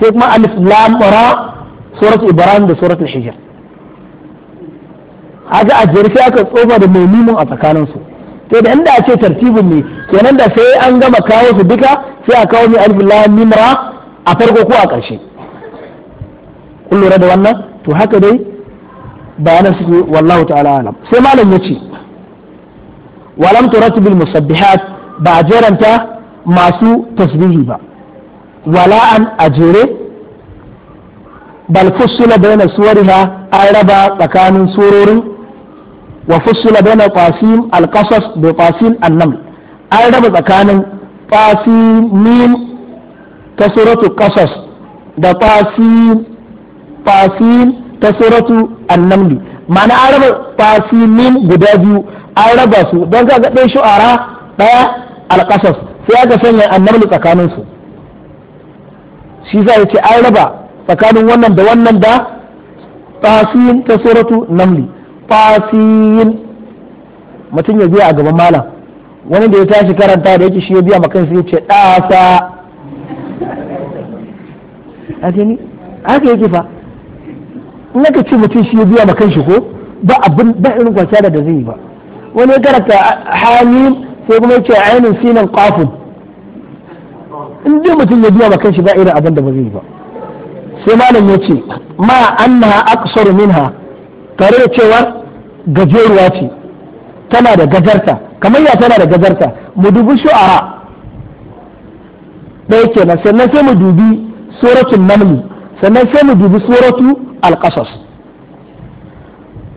sai kuma alif lam ra surat ibrahim da surat al-hijr aga a sai aka tsofa da mai mimun a tsakaninsu to da inda a ce tartibin ne kenan da sai an gama kawo su duka sai a kawo mai alfilahan nimra a farko ko a ƙarshe kun lura da wannan to haka dai bayanan suke wallahu ta'ala alam sai malam ya ce walam turattibil musabbihat ba a jeranta masu tasbihi ba wala an a jere bal fussila bayna suwariha an raba tsakanin surorin wa fussila baina qasim al-qasas bi qasim an-naml an raba tsakanin qasimin ta suratu da fasin qasim ta suratu ma'ana an raba qasimin guda biyu an raba su don kaga ɗaya shu'ara ɗaya al sai aka sanya an-naml tsakanin su shi za ce an raba tsakanin wannan da wannan da fasin ta namli fasiyin mutum ya biya a gaban malam wani da ya tashi karanta da yake shi ya biya makan sai ce ɗasa a gani haka yake fa in ka ce mutum shi ya biya makan shi ko ba abin ba irin kwanciya da zai yi ba wani ya karanta hamim sai kuma ya ce ainihin sinan kafin in dai mutum ya biya makan shi ba irin abin da ba zai yi ba sai malam ya ce ma annaha aksaru minha tare da cewa gajeruwa ce tana da gajarta kamar ya tana da gajarta mu dubi shu'ara ɗaya na sannan sai mu dubi suratul namli sannan sai mu dubi suratu alkasas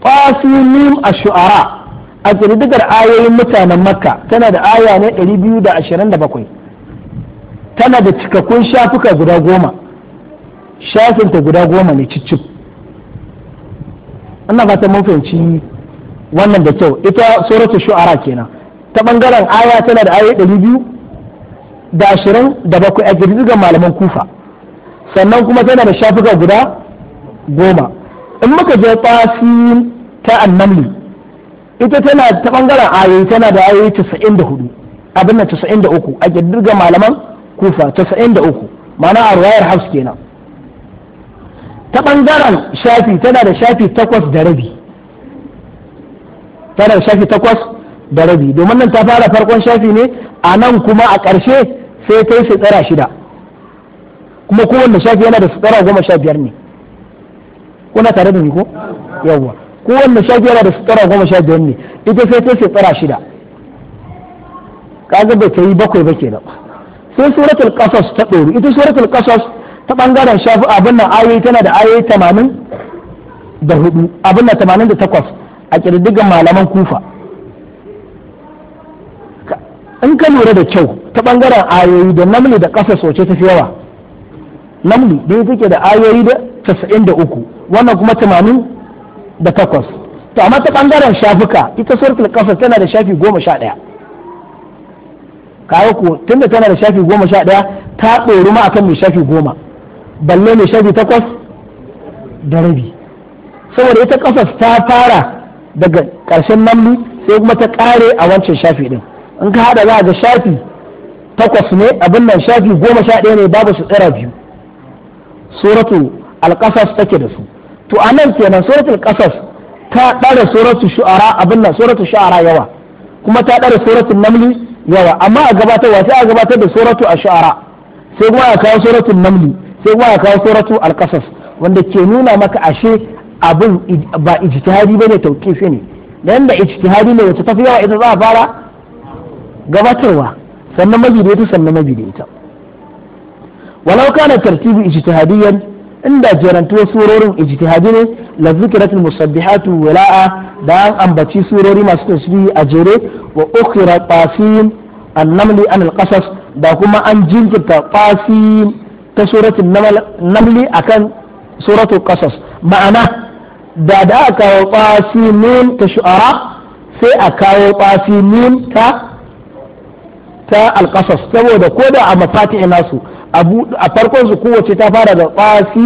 qasas a shuara a ƙididdigar ayoyin mutanen makka tana da aya ne 227 tana da cikakkun shafuka guda goma shafinta guda goma ne cicif ina ba ta mun fahimci wannan da kyau ita suratu shu'ara kenan ta bangaren aya tana da aya ɗari da ashirin da bakwai a girgizar malaman kufa sannan kuma tana da shafuka guda goma in muka je tsasin ta annamli ita tana ta bangaren aya tana da aya casa'in da hudu abin da casa'in a girgizar malaman kufa casa'in da uku ma'ana a ruwayar hafs kenan ta ɓangaren shafi tana da shafi takwas da rabi tana da shafi takwas da rabi domin nan ta fara farkon shafi ne a nan kuma a ƙarshe sai ta yi tsara shida kuma kowanne shafi yana da tsara goma sha biyar ne kuna tare da ni ko yawwa kowanne shafi yana da tsara goma sha biyar ne ita sai ta yi tsara shida kaga bai ta yi bakwai ba kenan sai suratul qasas ta ɗoru ita suratul qasas ta bangaren shafi abin nan ayoyi tana da ayoyi tamanin da hudu abin nan tamanin da takwas a kirdigan malaman kufa in ka lura da kyau ta bangaren ayoyi da namli da ƙasa soce ta fi yawa namli da ya take da ayoyi da casa'in da uku wannan kuma tamanin da takwas to amma ta bangaren shafuka ita suratul ƙasa tana da shafi goma sha ɗaya kawo ko tunda tana da shafi goma sha ɗaya ta ɗori ma akan mai shafi goma balle mai shafi takwas da rabi saboda ita kafas ta fara daga ƙarshen mamlu sai kuma ta ƙare a wancan shafi ɗin in ka hada za ga shafi takwas ne abin nan shafi goma sha ɗaya ne babu su tsira biyu suratu alƙasas take da su to a nan kenan suratu alƙasas ta ɗara suratu shu'ara abin nan suratu shu'ara yawa kuma ta ɗara suratu namli yawa amma a gabatarwa sai a gabatar da suratu a shu'ara sai kuma a kawo suratu namli sai wa kawo suratu al wanda ke nuna maka ashe abin ba ijtihadi bane tawqifi ne dan da ijtihadi ne wacce tafi yawa ita za a fara gabatarwa sannan mabi da ita sannan mabi da ita walau kana tartibi ijtihadiyan inda jerantuwar surorin ijtihadi ne la zikratul musabbihatu wala'a da an ambaci surori masu tasbihi a jere wa ukhra qasim an-namli an namli an al da kuma an jinkirta qasim ta suratun namli akan suratun qasas ma'ana da da aka kawo ƙwasi nun ta shu'ara sai a kawo ƙwasi nun ta ta alƙasas saboda ko da a mafati nasu a farkon su kowace ta fara da ƙwasi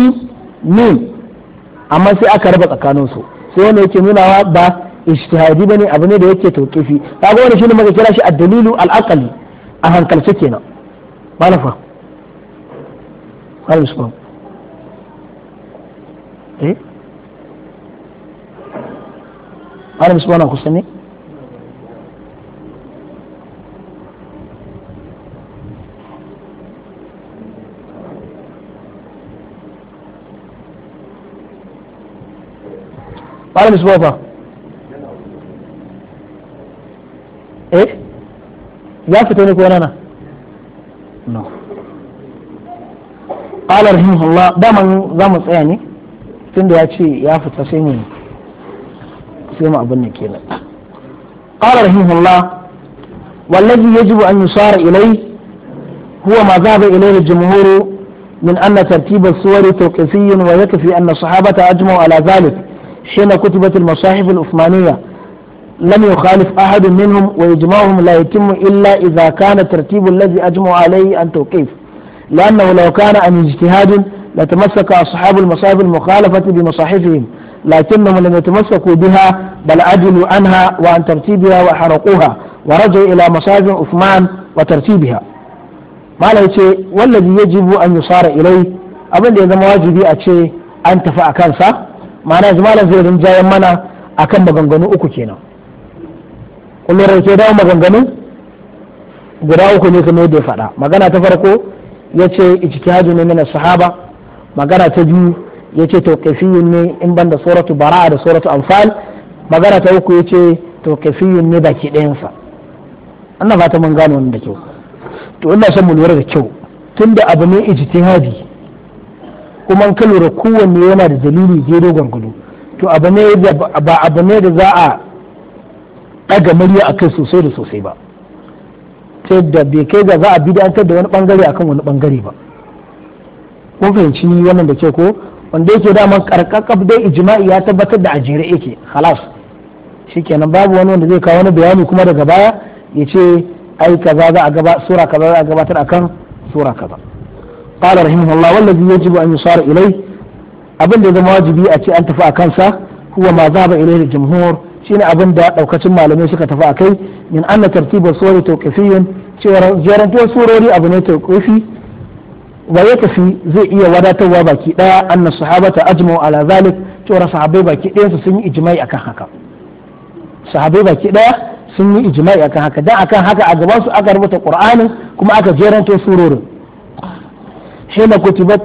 amma sai aka raba tsakaninsu sai wanda yake nunawa ba ba bane abu ne da yake tokifi kaga wani shine muka kira shi a dalilu alakali aqli a hankalce kenan malafa malam su eh malam su na kusa ne malam su fa eh ya fito ko قال رحمه الله دام زم تسياني تند يا شي يا فتا سيمي سيما أبني كينا قال رحمه الله والذي يجب أن يصار إليه هو ما ذهب إليه الجمهور من أن ترتيب الصور توقيفي ويكفي أن الصحابة أجمعوا على ذلك حين كتبت المصاحف العثمانية لم يخالف أحد منهم وإجماعهم لا يتم إلا إذا كان ترتيب الذي أجمع عليه أن توقيفه لأنه لو كان عن اجتهاد لتمسك أصحاب المصاحف المخالفة بمصاحفهم لكنهم لم يتمسكوا بها بل عدلوا عنها وعن ترتيبها وحرقوها ورجعوا إلى مصاحف عثمان وترتيبها ما يتي والذي يجب أن يصار إليه abin da ya zama wajibi a ce an tafi a kansa ma'ana malam zai rinjayen mana akan maganganu uku kenan kullum rai ke dawo maganganu guda uku ne kamar yadda ya faɗa magana ta farko yace ijtihadu ne min sahaba magana ta biyu yace tawqifiyun ne in ban da suratu bara'a da suratu anfal magana ta uku yace tawqifiyun ne baki ɗayan sa Allah fata mun gano wannan da kyau to ina son mu lura da kyau tunda abu ne ijtihadi kuma kan lura kowanne yana da dalili daidai gwargwado to abu ne da ba abu ne da za a ɗaga murya akai sosai da sosai ba yadda bai kai ga za a bid'antar da wani bangare akan wani bangare ba kun fahimci wannan da ke ko wanda yake man karkakaf dai ijma'i ya tabbatar da ajira yake halas shikenan babu wani wanda zai kawo wani bayani kuma daga baya ya ce ai kaza za a gaba sura kaza za a gabatar akan sura kaza qala rahimahullah wallazi yajibu an yusar ilai abin da ya zama wajibi a ce an tafi akan sa huwa ma zaba ilayhi al-jumhur shine abin da daukacin malamai suka tafi akai min anna tartiba sura tawqifiyun cewa jarantuwar surori abu ne tawqifi wa ya tafi zai iya wadatarwa baki daya anna sahabata ajma'u ala zalik cewa sahabbai baki ɗayan su sun yi ijma'i akan haka sahabbai baki daya sun yi ijma'i akan haka dan akan haka a gaban su aka rubuta qur'anin kuma aka jeranto surorin hina kutibat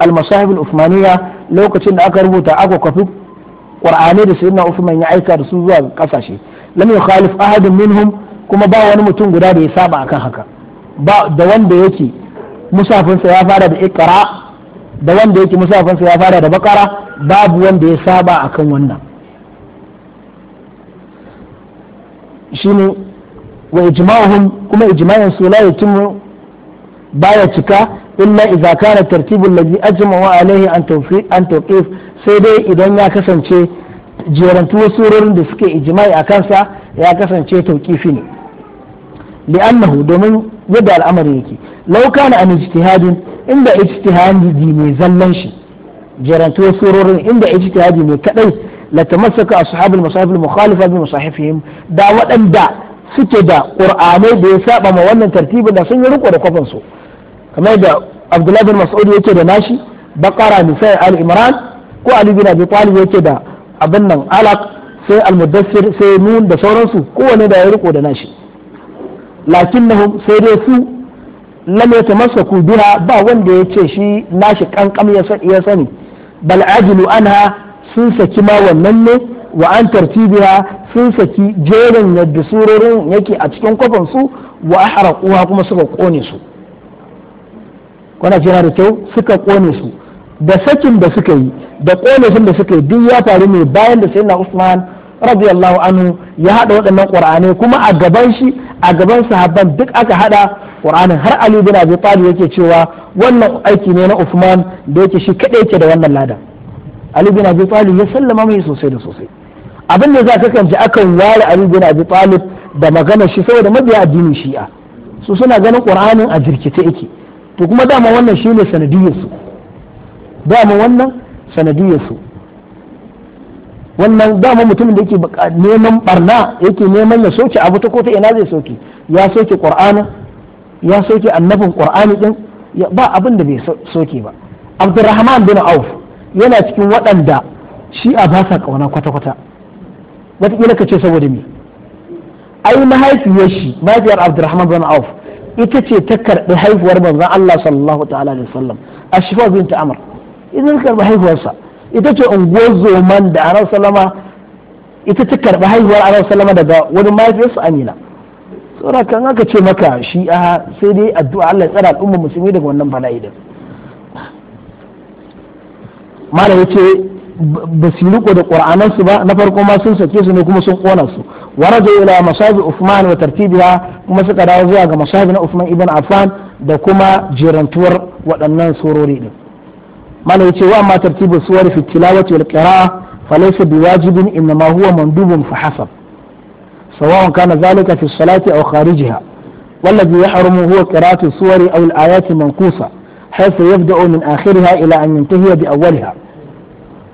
al-masahib al-uthmaniyya lokacin da aka rubuta aka kwafi qur'anai da sayyidina Usman ya aika da su zuwa kasashe lam yukhalif ahadun minhum kuma ba wani mutum guda da ya saba akan haka ba da wanda yake musafinsa ya fara da iqra da wanda yake musafinsa ya fara da bakara babu wanda ya saba akan wannan shine wa ijma'uhum kuma ijma'in su la yatimu baya cika illa idza kana tartibul ladhi ajma'u alayhi an tawfiq an tawqif sai dai idan ya kasance jerantuwar surorin da suke ijimai a kansa ya kasance tauƙifi ne li'annahu domin yadda al'amari yake lauka na an ijtihadin inda ijtihadi ne zallan shi surorin inda ijtihadi ne kadai la tamassaka ashabul masahif al mukhalifa bi masahifihim da waɗanda suke da qur'anai da ya saba ma wannan tartibin da sun yi riko da kofin su kamar da Abdullahi bin Mas'ud yake da nashi Baqara Nisa al Imran ko ali bin abi talib yake da abin nan alaq sai almudassir sai nun da sauransu kowane da ya riko da nashi lakinnahum sai dai su lam yatamassaku biha ba wanda ya ce shi nashi kankam ya sani bal ajilu anha sun saki ma wannan ne wa an tartibiha sun saki jerin yadda surorin yake a cikin kwafan su wa ahraquha kuma suka kone su kana jira da kyau suka kone su da sakin da suka yi da ƙonashin da suka yi duk ya faru ne bayan da sayyidina Usman radiyallahu anhu ya hada waɗannan ƙur'ani kuma a gaban shi a gaban sahabban duk aka hada ƙur'anin har Ali bin Abi Talib yake cewa wannan aiki ne na Usman da yake shi kada yake da wannan lada Ali bin Abi Talib ya sallama mai sosai da sosai abin da za ka kanci akan ware Ali bin Abi Talib da magana shi saboda mabiya addinin Shi'a su suna ganin ƙur'anin a jirkice yake to kuma dama wannan shine sanadiyar su dama wannan sanadiyarsu wannan dama mutumin da yake neman barna yake neman ya soke abu ta ko ta ina zai soke ya soke qur'ana ya soke annabin qur'ani din ba abin da bai soke ba abdurrahman bin auf yana cikin waɗanda shi'a ba sa kauna kwata-kwata wataƙila ka ce saboda me ai mahaifiyar shi mahaifiyar abdurrahman bin auf ita ce ta karɓi haihuwar manzon allah sallallahu ta'ala alaihi wasallam ashifa bint amr idan karɓi haihuwarsa ita ce unguwar zoman da anan salama ita ta karɓi haihuwar anan salama daga wani mahaifiyarsa amina saboda kan aka ce maka shi a sai dai addu'a Allah ya tsara al'ummar musulmi daga wannan bala'i din malam yace ba su riko da qur'anansu ba na farko ma sun sake su ne kuma sun kona su waraja ila masabi Uthman wa tartibiha kuma suka dawo zuwa ga masabi na Uthman ibn Afan da kuma jirantuwar waɗannan surori din mana yace wa amma tartibu suwar fi tilawati wal qira'a falaysa biwajibin inma huwa mandubun fa hasab سواء كان ذلك في الصلاة أو خارجها والذي يحرم هو قراءة السور أو الآيات المنقوصة حيث يبدأ من آخرها إلى أن ينتهي بأولها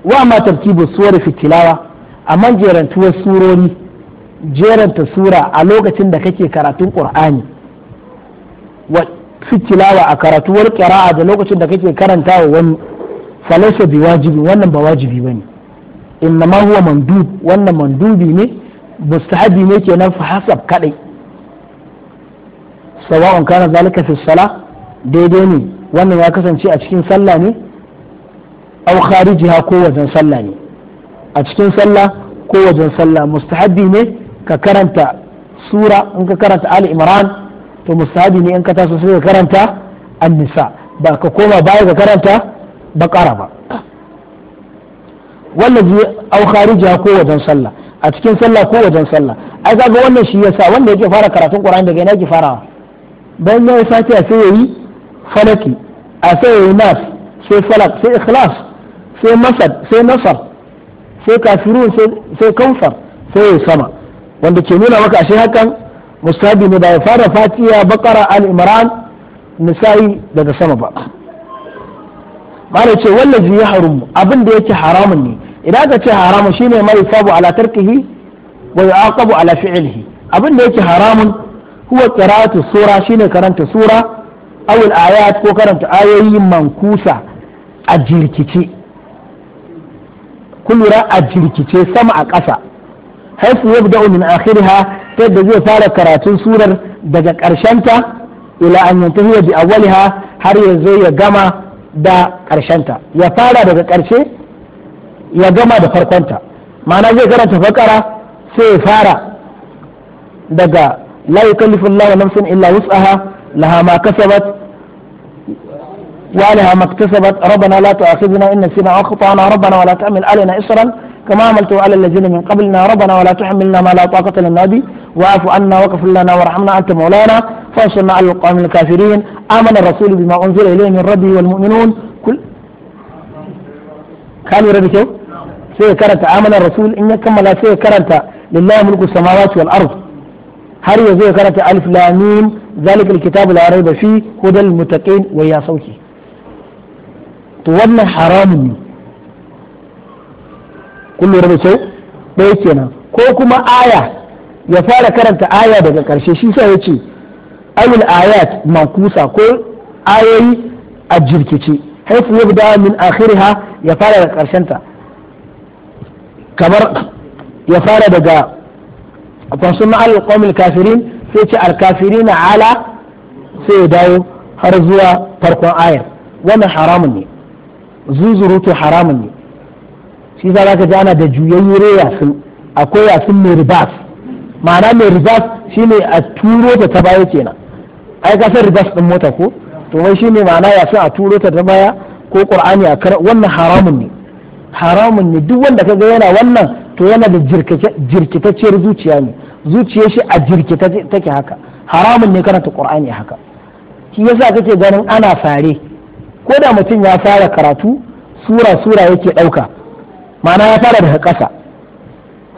وأما ترتيب السور في التلاوة أما جيران تو السوروني جيران تسورة ألوغة دكتي كراتون قرآني في التلاوة أكراتو والقراءة ألوغة دكتي كرانتاو وني falaisa bi wajibi wannan ba wajibi bane inna ma huwa mandub wannan mandubi ne mustahabi ne kenan fa hasab kadai sawa'un kana zalika fi sala daidai ne wannan ya kasance a cikin sallah ne aw kharijiha ko wajen sallah ne a cikin sallah ko wajen sallah mustahabi ne ka karanta sura in ka karanta ali imran to mustahabi ne in ka taso sai ka karanta an-nisa ba ka koma baya ka karanta bakara ba wallazi au kharija ko wajen sallah a cikin sallah ko wajen sallah ai kaga wannan shi yasa wanda yake fara karatun qur'ani daga yana yake farawa bayan yayi sai yayi falaki a sai yayi nas sai falak sai ikhlas sai masad sai nasar sai kafirun sai kamfar sai sama wanda ke nuna maka ashe hakan mustabi ne da ya fara fatiya bakara al-imran nisa'i daga sama ba mana ce wallazi ya harumu abin da yake haramun ne idan ka ce haramun shine mai sabu ala tarkihi wa yu'aqabu ala fi'lihi abin da yake haramun huwa qira'atu sura shine karanta sura aw ayat ko karanta ayoyi mankusa a jirkice kullura a jirkice sama a ƙasa haifu yabda'u min akhiriha ta yadda zai fara karatun surar daga ƙarshenta ila an yantahi bi awwaliha har yanzu ya gama da ta ya fara daga ƙarshe ya gama da farkonta ma'ana zai karanta fakara sai ya fara daga la yukallifu Allahu nafsan illa wus'aha laha ma kasabat wani laha ma rabbana la tu'akhidhna in nasina aw akhtana rabbana wa la tahmil alaina isran كما عملته على الذين من قبلنا ربنا ولا تحملنا ما لا طاقة لنا به واعف عنا واغفر لنا وارحمنا أنت مولانا فانصرنا آمن الرسول بما أنزل إليه من ربه والمؤمنون كل قالوا ربي كيو sai karanta amanar rasul in ya kammala sai karanta lillahi mulku samawati wal har yanzu ya karanta alif lam mim zalika alkitabu la ya sauki to wannan haramun ne lura da kyau ɗaya kenan ko kuma aya ya fara karanta aya daga ƙarshe shi sa ya ce awil ayat mankusa ko ayoyi a jirkice haifu yabda min ha ya fara da karshenta kamar ya fara daga fasun ma'al qawmil kafirin sai ce na ala sai ya dawo har zuwa farkon ayar wannan haramun ne zuzurutu haramun ne shi za ka ji ana da juyayyure yasin akwai yasin mai ribas ma'ana mai ribas shine a turo ta ta baya kenan ai ka san ribas din mota ko to wai shine ma'ana ya san a turo ta ta baya ko qur'ani a kar wannan haramun ne haramun ne duk wanda kaga yana wannan to yana da jirkitacciyar zuciya ne zuciyar shi a jirkita take haka haramun ne karanta qur'ani haka shi yasa kake ganin ana fare ko da mutum ya fara karatu sura sura yake ɗauka ma'ana ya fara daga ƙasa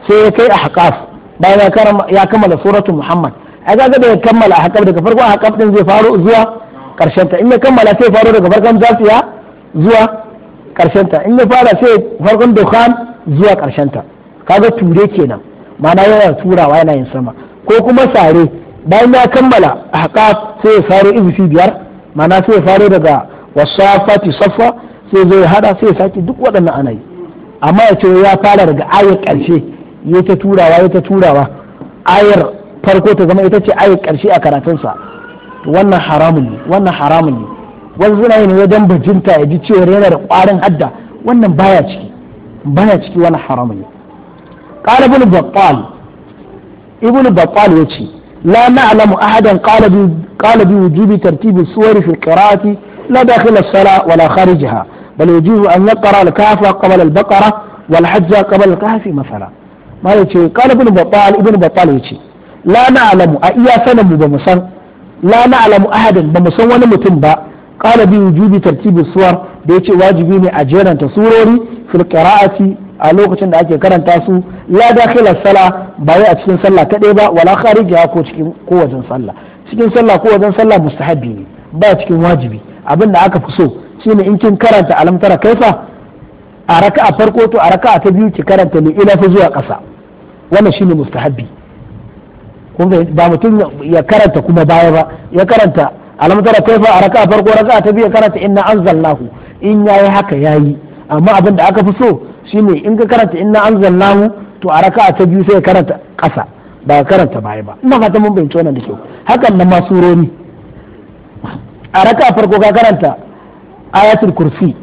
sai ya kai a haƙaf bayan ya kammala suratu muhammad a ga da ya kammala haka daga farkon haƙaf din zai faro zuwa karshen ta in ya kammala sai faro daga farkon zafiya zuwa karshen ta in ya fara sai farkon dukan zuwa karshen ta kaga ture kenan ma'ana yana turawa yana yin sama ko kuma sare bayan ya kammala haka sai ya faro ibisi biyar ma'ana sai ya faro daga wasafati safa sai zai hada sai ya saki duk waɗannan ana yi amma ya ce ya fara daga ayar ƙarshe ya ta turawa ya ta turawa ayar farko ta zama ita ce ayat karshe a karatunsa wannan haramun ne wannan haramun ne wasu suna yin wajen bajinta ya ji cewar yana da ƙwarin hadda wannan baya ciki baya ciki wannan haramun ne qala ibn baqal ibn baqal yace la na'lamu ahadan qala bi qala bi wujubi tartibi suwari fi qira'ati la dakhil as-salah wa la kharijaha bal yujibu an yaqra al-kahfa qabla al-baqara wal hajja qabla al-kahfi mathala ma yace qala ibn baqal ibn baqal yace la alamu a iya sanin mu ba mu san la na'lamu ahadin ba mu san wani mutum ba qala bi wujubi tartibi suwar da yace wajibi ne a jeranta surori fil qira'ati a lokacin da ake karanta su la dakhila sala ba wai a cikin sallah kadai ba wala kharijiha ko cikin ko wajen sallah cikin sallah ko wajen sallah mustahabi ne ba cikin wajibi abin da aka fi so shine in kin karanta alam tara kaifa a raka'a farko to a raka'a ta biyu ki karanta ne ila fi zuwa ƙasa wannan shine mustahabi kun ba mutum ya karanta kuma baya ba ya karanta alam tara kaifa a raka farko raka ta biya karanta inna anzalnahu in yayi haka yayi amma abin da aka fi so shine in ka karanta inna anzalnahu to a raka ta biyu sai karanta ƙasa ba karanta baya ba ina fata mun bincike wannan da kyau hakan na masuroni a raka farko ka karanta ayatul kursi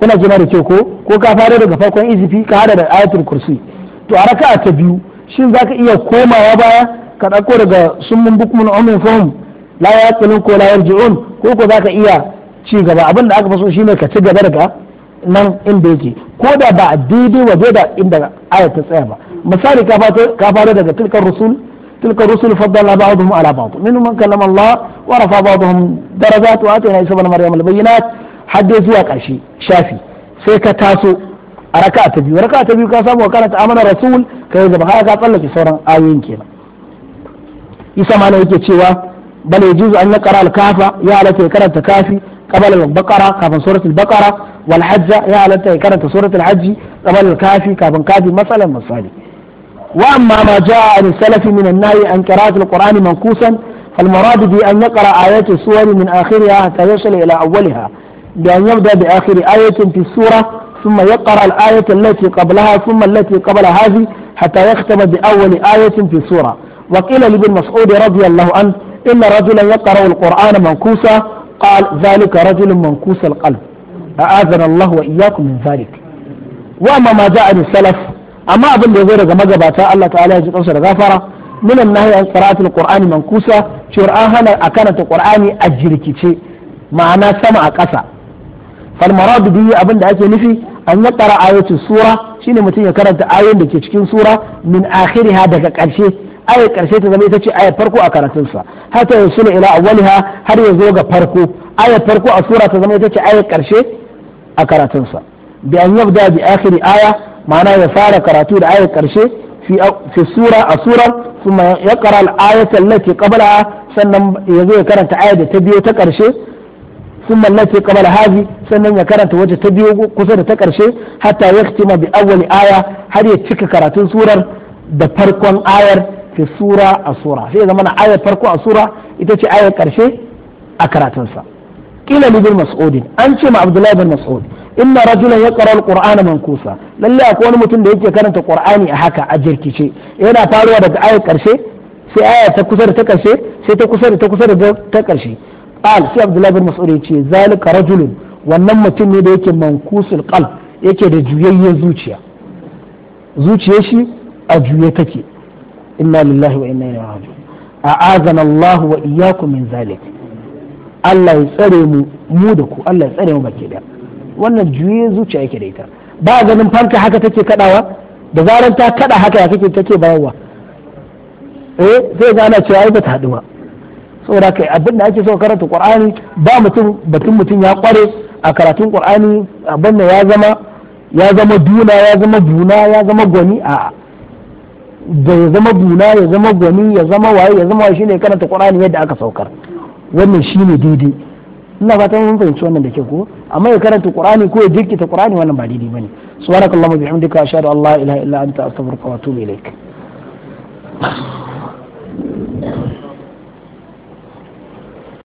kuna jima da kyau ko ko ka fara daga farkon izifi ka hada da ayatul kursi to a raka ta biyu shin za ka iya komawa baya ka ɗauko daga summun bukmun umin fahim la ya ko la yarji'un ko ko za ka iya ci gaba abin da aka faso shi ne ka ci gaba daga nan inda yake ko da ba daidai waje da inda aya ta tsaya ba misali ka fara daga tilkar rusul tilkar rusul faddala ba'dhum ala ba'd minhum man kallama Allah wa rafa ba'dhum darajat wa atayna isa ibn maryam al-bayyinat hadde zuwa karshe shafi sai ka taso a raka'a ta biyu raka'a ta biyu ka samu karanta amana rasul kai zaba haka ka tsallake sauran ayoyin kenan isa ma yake cewa bal yajuzu an yaqra al kafa ya halatta ya karanta kafi qabala al baqara kafin suratul baqara wal hajj ya halatta ya karanta suratul hajji qabala al kafi kafin kafi masalan misali wa amma ma jaa an salafi min an nahi an qira'at al qur'ani mankusan فالمراد بأن يقرأ آيات السور من آخرها حتى يصل إلى أولها بأن يبدأ بآخر آية في السورة ثم يقرأ الآية التي قبلها ثم التي قبل هذه حتى يختم بأول آية في السورة وقيل لابن مسعود رضي الله عنه إن رجلا يقرأ القرآن منكوسا قال ذلك رجل منكوس القلب أعاذنا الله وإياكم من ذلك وأما ما جاء للسلف أما أبن غير ما جبتا الله تعالى يجب أنصر غفرة من النهي عن قراءة القرآن منكوسا شرعان أكانت القرآن أجركتي معنى سمع كسا فالمراد به أبن أكي نفي an ya tsara ayatul sura shine mutum ya karanta ayoyin da ke cikin sura min akhiriha daga karshe ayar karshe ta zama ita ce ayar farko a karatunsa hatta ya suna ila awwaliha har ya zo ga farko ayar farko a sura ta zama ita ce ayar karshe a karatunsa bi an yabda bi akhiri aya ma'ana ya fara karatu da ayar karshe fi sura a surar kuma ya ƙara al'ayatar lati qabla sannan ya zo ya karanta ayar da ta biyo ta karshe. sun mallake kamar hazi sannan ya karanta wacce ta biyo kusa da ta ƙarshe hatta ya ma bi awwali aya har ya cika karatun surar da farkon ayar fi sura a sura sai ya zama na ayar farko a sura ita ce ayar ƙarshe a karatunsa kila li bin mas'ud an ce ma abdullahi bin mas'ud inna rajulan yaqra al-qur'ana mankusa lalle akwai wani mutum da yake karanta qur'ani a haka a jirkice yana faruwa daga ayar ƙarshe sai aya ta kusa da ta ƙarshe sai ta kusa da ta kusa da ta ƙarshe qal sai abdullahi bin mas'ud yace zalika rajulun wannan mutum ne da yake mankusul qalb yake da juyayyen zuciya zuciyar shi a juye take inna lillahi wa inna ilaihi raji'un a'azana Allah wa iyyakum min zalik Allah ya tsare mu mu da ku Allah ya tsare mu baki da wannan juye zuciya yake da ita ba ganin fanka haka take kadawa da zaran ta kada haka ya kake take bayarwa eh sai ga ana cewa ai ba ta haduwa ba saboda kai abin da ake so karanta qur'ani ba mutum batun mutum ya kware a karatun qur'ani abin da ya zama ya zama duna ya zama duna ya zama gwani a da ya zama duna ya zama gwani ya zama waye ya zama shine karanta qur'ani yadda aka saukar wannan shine daidai ina fatan mun fahimci wannan da ke ko amma ya karanta qur'ani ko ya jirkita qur'ani wannan ba daidai bane subhanakallahumma bihamdika ashhadu an la ilaha illa anta astaghfiruka wa atubu ilaik